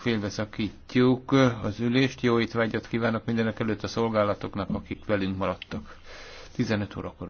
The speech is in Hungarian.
félbeszakítjuk az ülést. Jó étvágyat kívánok mindenek előtt a szolgálatoknak, akik velünk maradtak. 15 órakor.